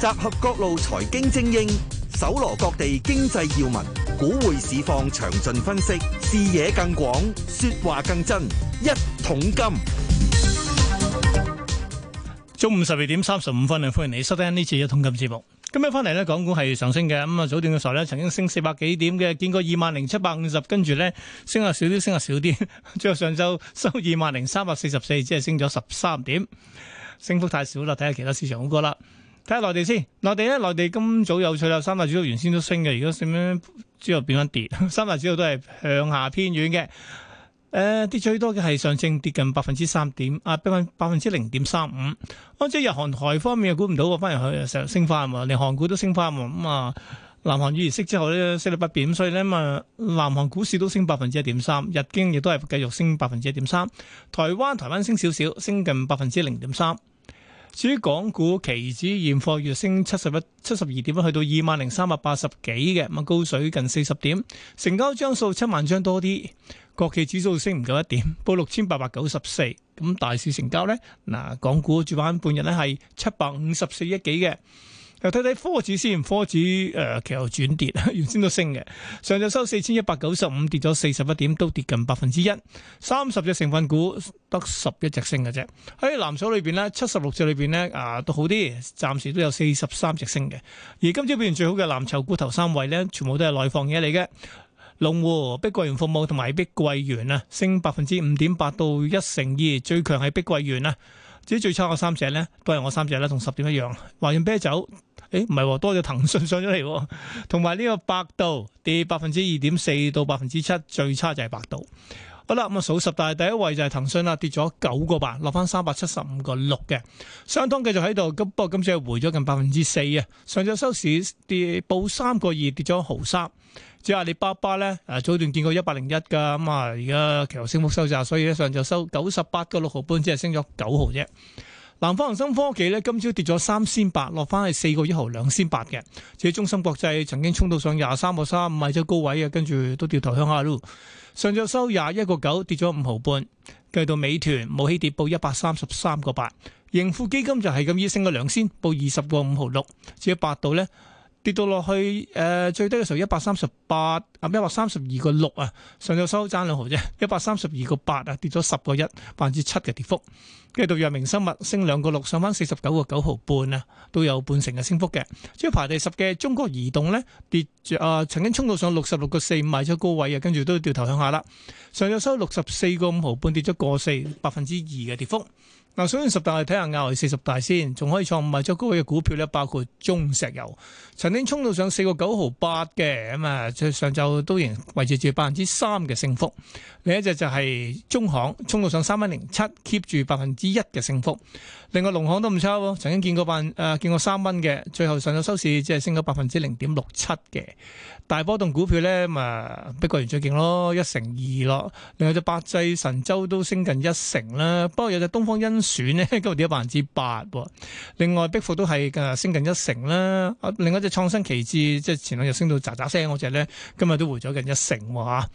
集合各路財經精英，搜羅各地經濟要聞，股匯市況詳盡分析，視野更廣，說話更真。一桶金，中午十二點三十五分啊！歡迎你收聽呢次一桶金節目。今日翻嚟咧，港股係上升嘅。咁啊早段嘅時候咧，曾經升四百幾點嘅，見過二萬零七百五十，跟住咧升啊少啲，升啊少啲。最後上晝收二萬零三百四十四，只係升咗十三點，升幅太少啦，睇下其他市場好過啦。睇下內地先，內地咧，內地今早有趣啦，三大指數原先都升嘅，而家點樣之後變翻跌，三大指數都係向下偏軟嘅。誒、呃，跌最多嘅係上證，跌近百分之三點，啊，跌翻百分之零點三五。按、啊、照日韓台方面估唔到喎，翻入去成日升翻，連韓股都升翻咁啊，南韓議息之後咧，四六不變，所以咧嘛，南韓股市都升百分之一點三，日經亦都係繼續升百分之一點三，台灣台灣升少少，升近百分之零點三。至於港股期指現貨，月升七十一、七十二點去到二萬零三百八十幾嘅，咁高水近四十點。成交張數七萬張多啲，國企指數升唔夠一點，報六千八百九十四。咁大市成交呢，嗱，港股主板半日呢係七百五十四億幾嘅。.又睇睇科指先，科指誒、呃，其實轉跌，原先都升嘅。上晝收四千一百九十五，跌咗四十一點，都跌近百分之一。三十隻成分股得十一隻升嘅啫。喺藍籌裏邊呢，七十六隻裏邊呢，啊，都好啲，暫時都有四十三隻升嘅。而今朝表現最好嘅藍籌股頭三位呢，全部都係內房嘢嚟嘅。龍湖、碧桂園服務同埋碧桂園啊，升百分之五點八到一成二，最強係碧桂園啊，至於最差嘅三隻呢，都係我三隻啦，同十點一樣。華潤啤酒。誒，唔係、欸啊、多咗騰訊上咗嚟，同埋呢個百度跌百分之二點四到百分之七，最差就係百度。好啦，咁啊數十大第一位就係騰訊啦，跌咗九個八，落翻三百七十五個六嘅。相當繼續喺度，咁不過今次係回咗近百分之四啊。上晝收市跌報三個二，跌咗毫三。隻阿里巴巴咧，誒、啊、早段見過一百零一噶，咁啊而家期後升幅收窄，所以一上晝收九十八個六毫半，只係升咗九毫啫。南方恒生科技呢，今朝跌咗三仙八，落翻係四個一毫兩仙八嘅。至於中芯國際曾經沖到上廿三個三，唔係咗高位嘅，跟住都掉頭向下咯。上晝收廿一個九，跌咗五毫半。計到美團冇起跌，報一百三十三個八。盈富基金就係咁依升個兩仙，報二十個五毫六。至於百度呢？跌到落去，誒、呃，最低嘅時候一百三十八，啊，一百三十二個六啊，上晝收爭兩毫啫，一百三十二個八啊，跌咗十個一，百分之七嘅跌幅。跟住到藥明生物升兩個六，上返四十九個九毫半啊，都有半成嘅升幅嘅。至於排第十嘅中國移動咧，跌住啊、呃，曾經衝到上六十六個四五，賣咗高位啊，跟住都掉頭向下啦。上晝收六十四個五毫半，跌咗個四，百分之二嘅跌幅。嗱，所以十大睇下亞匯四十大先，仲可以創五日最高位嘅股票咧，包括中石油，曾經衝到上四個九毫八嘅，咁啊，即係上晝都仍維持住百分之三嘅升幅。另一隻就係中行，衝到上三蚊零七，keep 住百分之一嘅升幅。另外，農行都唔差喎，曾經見過百，誒、呃、見過三蚊嘅，最後上咗收市只，只係升咗百分之零點六七嘅。大波動股票咧，咪碧桂園最勁咯，一成二咯。另外就百濟神州都升近一成啦，不過有隻東方甄選咧，今日跌咗百分之八喎。另外，碧富都係嘅升近一成啦。啊，另外隻創新奇志即係前兩日升到喳喳聲嗰隻咧，今日都回咗近一成喎嚇。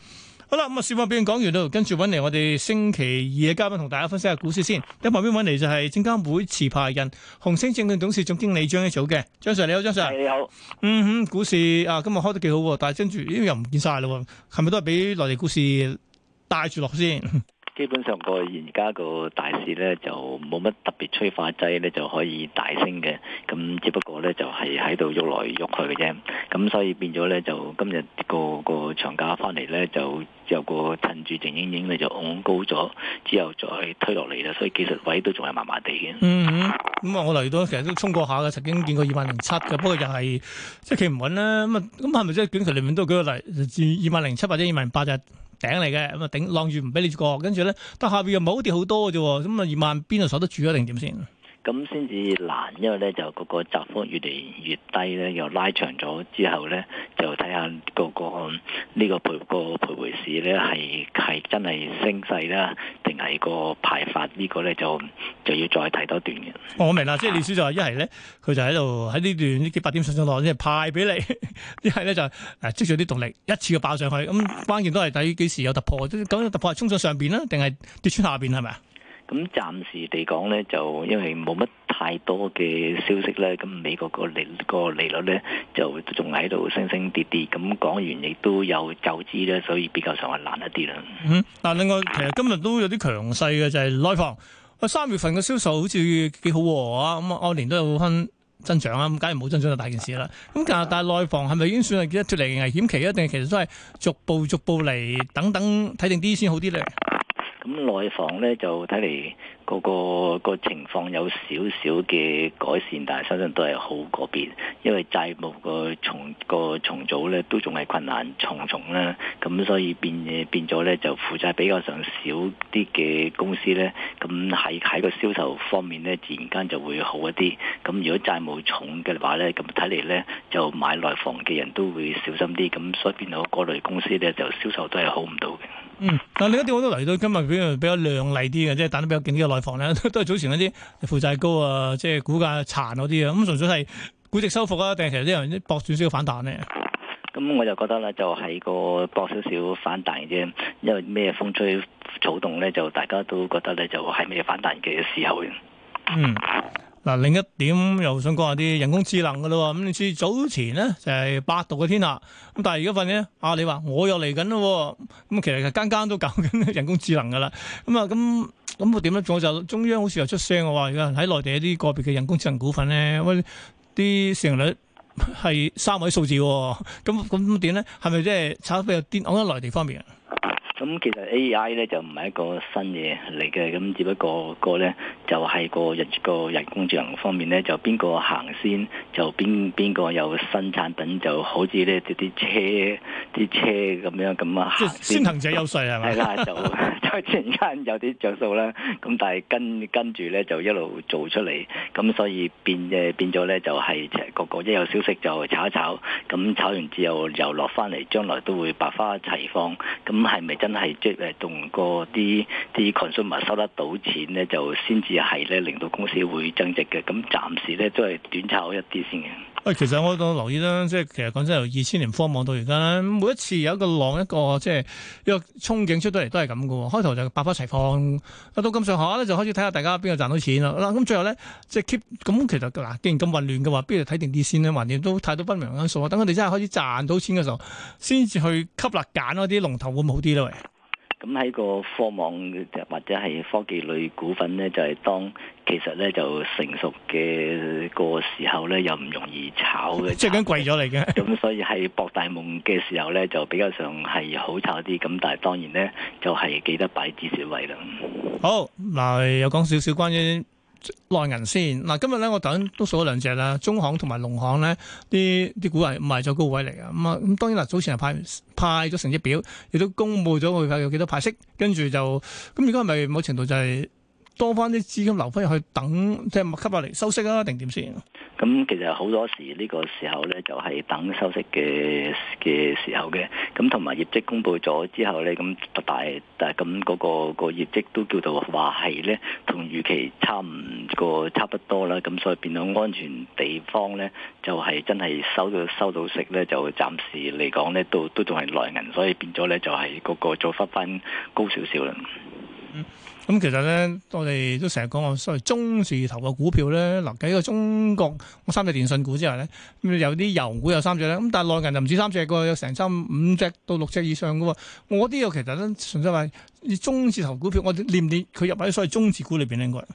好啦，咁啊，說話俾你講完啦，跟住揾嚟，我哋星期二嘅嘉賓同大家分析下股市先。喺旁邊揾嚟就係證監會持牌人、紅星證券董事總經理張益祖嘅張 Sir，你好，張 Sir。你好。嗯哼，股市啊，今日開得幾好，但係跟住咦又唔見晒啦，係咪都係俾內地股市帶住落先？ 基本上個而家個大市咧就冇乜特別催化劑咧就可以大升嘅，咁只不過咧就係喺度喐來喐去嘅啫，咁所以變咗咧就今日個個長假翻嚟咧就有個趁住靜英英咧就往高咗，之後再推落嚟啦，所以技術位都仲係麻麻地嘅。嗯咁啊、嗯，我留意到其實都衝過下嘅，曾經見過二萬零七嘅，不過又係即係企唔穩啦。咁啊咁係咪即係警察嚟講都舉個例，至二萬零七或者二萬八就？頂嚟嘅咁啊，頂浪住唔俾你過，跟住咧，但下邊又唔係好跌好多嘅啫，咁啊，二萬邊度鎖得住啊，定點先？咁先至難，因為咧就嗰個窄幅越嚟越低咧，又拉長咗之後咧，就睇下、嗰個、呢個、嗰個、徘徘呢個徘個徘徊市咧，係係真係升勢啦，定係個派發個呢個咧就就要再睇多段嘅。我明啦，即係意思就係一係咧，佢就喺度喺呢段呢幾百點上上落，即係派俾你；呢啊、一係咧就誒積咗啲動力，一次就爆上去。咁關鍵都係睇幾時有突破，咁突破係衝咗上邊啦，定係跌穿下邊係咪啊？咁暫時嚟講咧，就因為冇乜太多嘅消息咧，咁美國個利個利率咧就仲喺度升升跌跌，咁講完亦都有就知咧，所以比較上係難一啲啦。嗯，但，另外其實今日都有啲強勢嘅就係、係、內房。三月份嘅銷售好似幾好啊，咁啊按年都有分增長啊，咁假如冇增長就大件事啦。咁但係但內房係咪已經算係脫離危險期一定其實都係逐步逐步嚟等等睇定啲先好啲咧。咁內房咧就睇嚟。個個,個情況有少少嘅改善，但係相信都係好嗰邊，因為債務個重個重組咧都仲係困難重重啦。咁所以變嘅變咗咧就負債比較上少啲嘅公司咧，咁喺喺個銷售方面咧自然間就會好一啲。咁如果債務重嘅話咧，咁睇嚟咧就買內房嘅人都會小心啲。咁所以變到嗰類公司咧就銷售都係好唔到嘅。嗯，嗱，另一點我都嚟到今日比較比較亮麗啲嘅，即係打得比較勁內房咧都係早前嗰啲負債高啊，即係股價殘嗰啲啊，咁純粹係估值收復啊，定係其實有人搏少少反彈呢？咁我就覺得咧，就係個搏少少反彈啫，因為咩風吹草動咧，就大家都覺得咧，就係咩反彈嘅時候嘅啊。嗯，嗱，另一點又想講下啲人工智能嘅咯。咁你似早前呢就係百度嘅天下，咁但係而家份呢，啊你話我又嚟緊咯。咁其實間間都搞緊人工智能嘅啦。咁啊咁。咁我點咧？我、嗯、就中央好似又出聲嘅話，而家喺內地一啲個別嘅人工智能股份咧，喂，啲市盈率係三位數字，咁咁點咧？係咪即係炒得比較癲？我覺得內地方面。咁其實 A.I. 咧就唔係一個新嘢嚟嘅，咁只不過個咧就係個人個人工智能方面咧，就邊個行先，就邊邊個有新產品，就好似咧啲啲車啲車咁樣咁啊行先。即係先行者優勢係嘛？係啦，就即突然間有啲着數啦。咁但係跟跟住咧就一路做出嚟，咁所以變誒變咗咧就係其實個個一有消息就炒一炒，咁炒完之後又落翻嚟，將來都會百花齊放。咁係咪？真係即係同個啲啲 consumers 收得到錢咧，就先至係咧令到公司會增值嘅。咁暫時咧都係短炒一啲先嘅。喂，其實我都留意啦，即係其實講真，由二千年科網到而家咧，每一次有一個浪一個，一個即係一,一個憧憬出到嚟都係咁嘅喎。開頭就百花齊放，到咁上下咧就開始睇下大家邊個賺到錢啦。咁最後咧即係 keep，咁其實嗱，既然咁混亂嘅話，不如睇定啲先啦。橫掂都太多不明因素啊。等佢哋真係開始賺到錢嘅時候，先至去吸納揀嗰啲龍頭會唔會好啲咧？咁喺、嗯、個科網或者係科技類股份咧，就係、是、當其實咧就成熟嘅個時候咧，又唔容易炒嘅，即係已經貴咗嚟嘅。咁所以係博大夢嘅時候咧，就比較上係好炒啲。咁但係當然咧，就係、是、記得擺止蝕位啦。好，嗱有講少少關於。內銀先嗱、啊，今日咧我等都數咗兩隻啦，中行同埋農行咧啲啲股係創咗高位嚟㗎，咁啊咁當然啦，早前係派派咗成績表，亦都公布咗佢有幾多派息，跟住就咁，如果係咪某程度就係、是？多翻啲資金留翻入去等，即係吸下嚟收息啊，定點先？咁其實好多時呢個時候咧，就係、是、等收息嘅嘅時候嘅。咁同埋業績公布咗之後咧，咁但係但係咁嗰個、那個那個業績都叫做話係咧，同預期差唔個差不多啦。咁所以變到安全地方咧，就係、是、真係收到收到息咧，就暫時嚟講咧，都都仲係內銀，所以變咗咧就係嗰、那個再翻翻高少少啦。咁、嗯嗯、其實咧，我哋都成日講我所謂中字頭嘅股票咧，嗱喺個中國，我三隻電信股之後咧，咁有啲油股有三隻咧，咁但係內銀就唔止三隻噶，有成三五隻到六隻以上噶。我啲又其實咧純粹話你中字頭股票，我念唔念佢入喺所謂中字股裏邊咧，應該。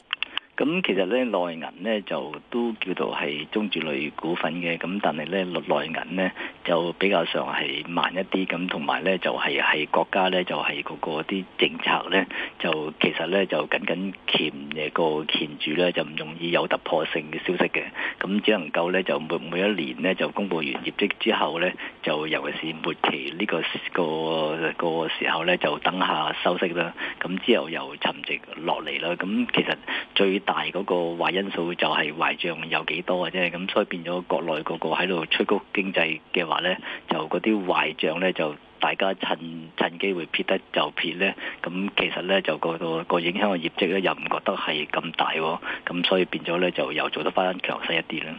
咁其實咧內銀咧就都叫做係中字類股份嘅，咁但係咧內銀咧就比較上係慢一啲，咁同埋咧就係、是、係國家咧就係、是、嗰、那個啲政策咧就其實咧就緊緊鉗嘅個鉗住咧就唔容易有突破性嘅消息嘅，咁只能夠咧就每每一年咧就公布完業績之後咧就尤其是末期呢個個個時候咧就等下收息啦，咁之後又沉寂落嚟啦，咁其實最大嗰個壞因素就係壞賬有幾多啊？啫，咁所以變咗國內嗰個喺度出谷經濟嘅話咧，就嗰啲壞賬咧就大家趁趁機會撇得就撇咧，咁其實咧就個個個影響嘅業績咧又唔覺得係咁大喎，咁所以變咗咧就又做得返強勢一啲啦。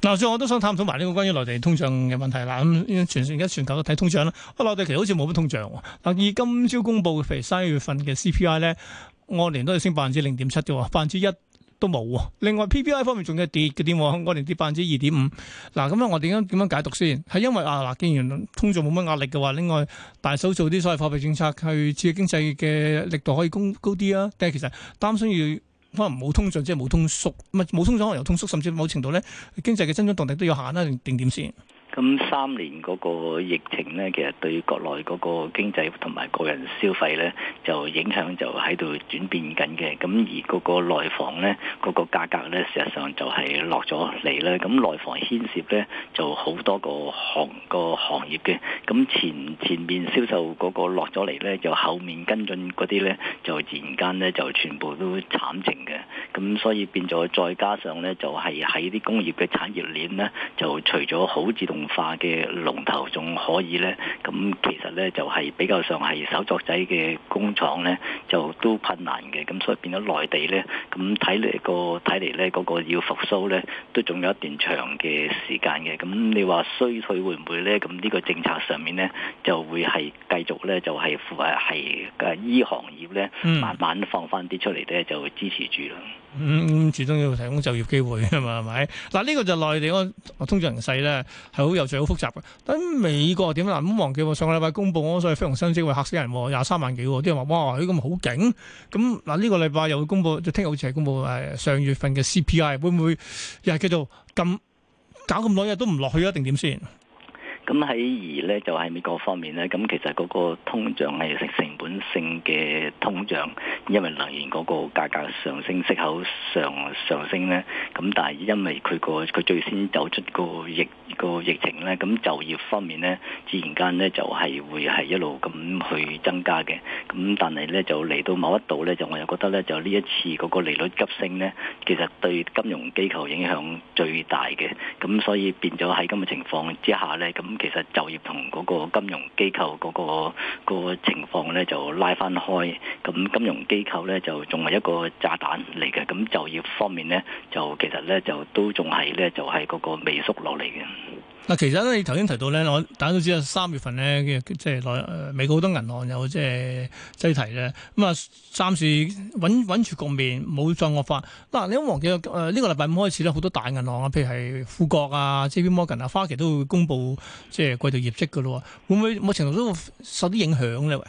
嗱，所以我都想探討埋呢個關於內地通脹嘅問題啦。咁全而家全球都睇通脹啦，我內地其實好似冇乜通脹。嗱，以今朝公布嘅譬如三月份嘅 CPI 咧。按年都係升百分之零點七啫，百分之一都冇啊。另外 PPI 方面仲要跌嘅添，按年跌百分之二點五。嗱，咁樣我哋點樣點樣解讀先？係因為啊嗱，既然通脹冇乜壓力嘅話，另外大手做啲所謂貨幣政策去刺激經濟嘅力度可以高高啲啊。但係其實擔心要可能冇通脹，即係冇通縮，唔係冇通脹可能有通縮，甚至某程度咧經濟嘅增長動力都有限啦，定點先。咁三年嗰個疫情咧，其實對國內嗰個經濟同埋個人消費咧，就影響就喺度轉變緊嘅。咁而嗰個內房咧，嗰個價格咧，事實上就係落咗嚟啦。咁內房牽涉咧，就好多個行個行業嘅。咁前前面銷售嗰個落咗嚟咧，就後面跟進嗰啲咧，就自然間咧就全部都慘情嘅。咁所以變咗，再加上咧，就係喺啲工業嘅產業鏈咧，就除咗好自動化嘅龍頭，仲可以咧。咁其實咧，就係比較上係手作仔嘅工廠咧，就都困難嘅。咁所以變咗內地咧，咁睇嚟個睇嚟咧，嗰個要復甦咧，都仲有一段長嘅時間嘅。咁你話衰退會唔會咧？咁呢個政策上面咧，就會係繼續咧，就係誒係誒醫行業咧，慢慢放翻啲出嚟咧，就支持住啦。嗯，始終要提供就業機會 啊嘛，係咪？嗱，呢個就內地嗰通脹形勢咧，係好有序、好複雜嘅。咁美國點咧？咁唔好忘記、哦、上個禮拜公布嗰所謂非農薪資，話嚇死人，廿三萬幾，啲人話哇，呢咁好勁。咁嗱，呢、啊啊這個禮拜又會公布，就聽日好似係公布誒上月份嘅 CPI，會唔會又係叫做咁搞咁耐日都唔落去啊？定點先？咁喺而呢就喺、是、美國方面呢，咁其實嗰個通脹係成本性嘅通脹，因為能源嗰個價格上升，息口上上升呢。咁但係因為佢、個佢最先走出個疫、個疫情呢，咁就業方面呢，自然間呢就係、是、會係一路咁去增加嘅。咁但係呢就嚟到某一度呢，呢，就我又覺得呢就呢一次嗰個利率急升呢，其實對金融機構影響最大嘅。咁所以變咗喺噉嘅情況之下呢。咁其實就業同嗰個金融機構嗰個個情況咧，就拉翻開。咁金融機構咧就仲係一個炸彈嚟嘅。咁就業方面咧，就其實咧就都仲係咧，就係嗰個未縮落嚟嘅。嗱，其實咧你頭先提到咧，我大家都知啊，三月份咧即係美國好多銀行有即係擠提咧。咁啊，暫時穩穩住局面，冇再惡化。嗱，你諗黃記啊？誒呢個禮拜五開始咧，好多大銀行啊，譬如係富國啊、JPMorgan 啊、花旗都會公布。即係季度業績嘅咯喎，會唔會某程度都會受啲影響咧？喂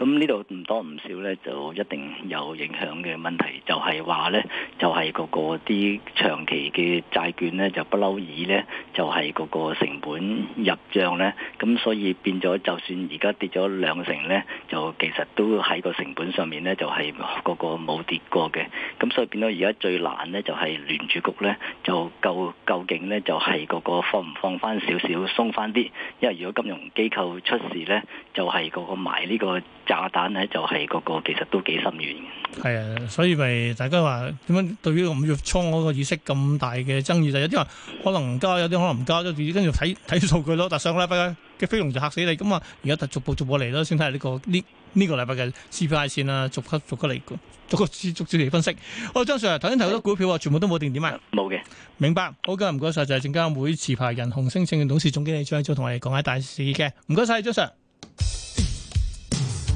咁呢度唔多唔少呢，就一定有影響嘅問題。就係、是、話呢，就係、是、嗰個啲長期嘅債券呢，就不嬲以呢，就係、是、嗰個成本入賬呢。咁所以變咗，就算而家跌咗兩成呢，就其實都喺個成本上面呢，就係、是、嗰個冇跌過嘅。咁所以變咗而家最難呢，就係聯儲局呢，就究究竟呢，就係、是、嗰個放唔放翻少少鬆翻啲？因為如果金融機構出事呢，就係、是、嗰個埋呢、這個。炸彈咧就係、是、嗰、那個，其實都幾心軟嘅。係啊，所以咪大家話點樣？對於五月初嗰個意識咁大嘅爭議，就有啲話可能唔加，有啲可能唔加。跟住睇睇數據咯。但上個禮拜嘅飛龍就嚇死你咁啊！而家就逐步逐步嚟咯，先睇下呢個呢呢、這個禮拜嘅 CPI 線啦，逐刻逐級嚟，逐級接逐嚟分析。我、哦、張 Sir，頭先提到股票，的全部都冇定點啊？冇嘅、啊，明白。好嘅，唔該晒。就係、是、證監會持牌人、紅星證嘅董事總經理張益祖同我哋講下大市嘅。唔該曬，張 Sir。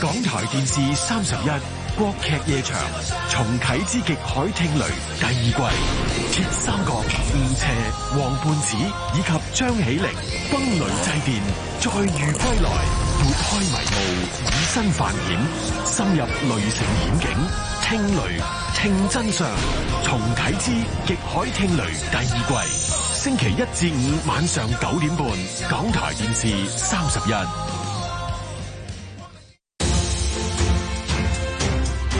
港台電視三十一，國劇夜場重啟之極海聽雷第二季，鐵三角吳邪、王胖子以及張起靈，崩雷祭變再遇歸來，撥開迷霧，以身犯險，深入雷城險境，聽雷、聽真相，重啟之極海聽雷第二季，星期一至五晚上九點半，港台電視三十一。